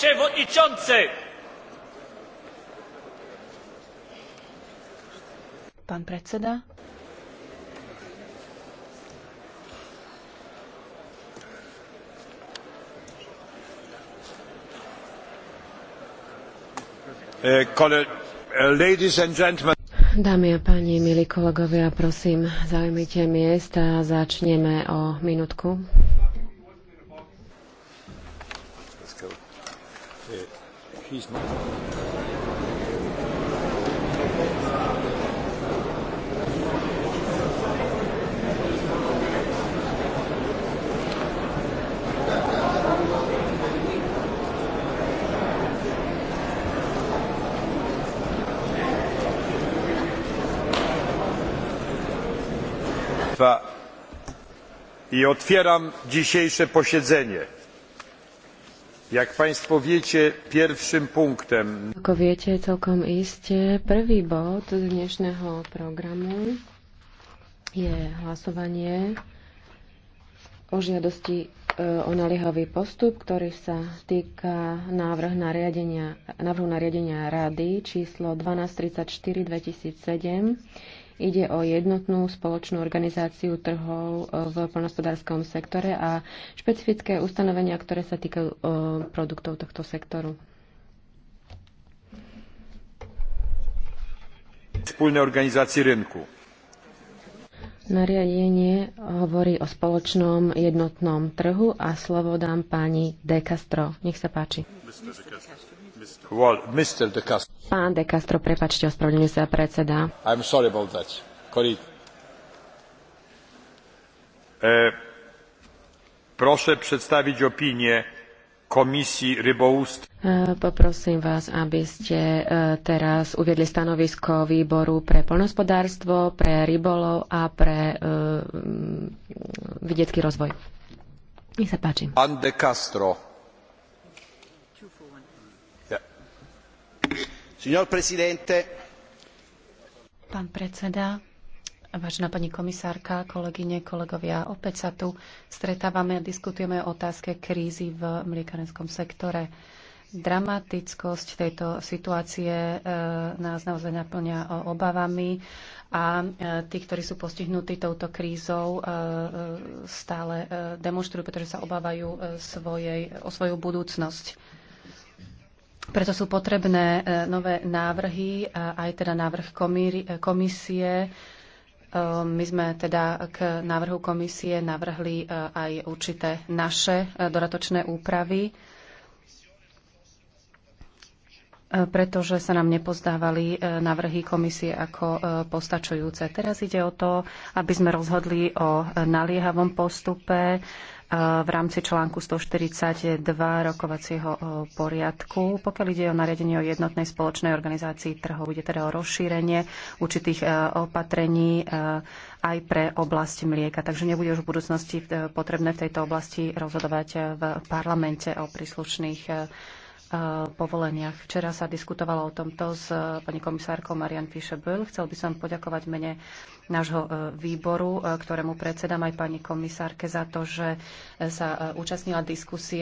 przewodniczący! Pan predseda. E, e, Dámy a páni, milí kolegovia, prosím, zaujmite miesta a začneme o minútku. i otwieram dzisiejsze posiedzenie. Jak Państwo wiecie, pierwszym punktem... Ako viete, celkom iste, prvý bod dnešného programu je hlasovanie o žiadosti e, o naliehavý postup, ktorý sa týka návrh nariadenia, návrhu nariadenia Rady číslo 1234-2007. Ide o jednotnú spoločnú organizáciu trhov e, v plnospodárskom sektore a špecifické ustanovenia, ktoré sa týkajú e, produktov tohto sektoru. Spolné organizácie rynku. Nariadenie hovorí o spoločnom jednotnom trhu a slovo dám pani De Castro. Nech sa páči. Pán De Castro, prepačte, ospravedlňujem sa predseda. I'm sorry about that. Colleague. E, proszę przedstawić opinię Komisii rybolovstva. E, poprosím vás, aby ste e, teraz uviedli stanovisko výboru pre poľnohospodárstvo, pre rybolov a pre e, vidiecký rozvoj. Nech sa páči. Pán de Castro. Pán predseda, Vážená pani komisárka, kolegyne, kolegovia, opäť sa tu stretávame a diskutujeme o otázke krízy v mliekarenskom sektore. Dramatickosť tejto situácie e, nás naozaj naplňa e, obavami a e, tí, ktorí sú postihnutí touto krízou, stále demonstrujú, pretože sa obávajú svojej, o svoju budúcnosť. Preto sú potrebné nové návrhy, aj teda návrh komisie, Ehm, my sme teda k návrhu komisie navrhli eh, aj určité naše eh, doratočné úpravy. E, pretože sa nám nepozdávali e, návrhy komisie ako e, postačujúce. Teraz ide o to, aby sme rozhodli o naliehavom postupe v rámci článku 142 rokovacieho poriadku. Pokiaľ ide o nariadenie o jednotnej spoločnej organizácii trhov, ide teda o rozšírenie určitých opatrení aj pre oblasť mlieka. Takže nebude už v budúcnosti potrebné v tejto oblasti rozhodovať v parlamente o príslušných Eh, povoleniach. Včera sa diskutovalo o tomto s eh, pani komisárkou Marian Fischer-Böll. Chcel by som poďakovať mene nášho eh, výboru, ktorému predsedám aj pani komisárke za to, že sa účastnila diskusie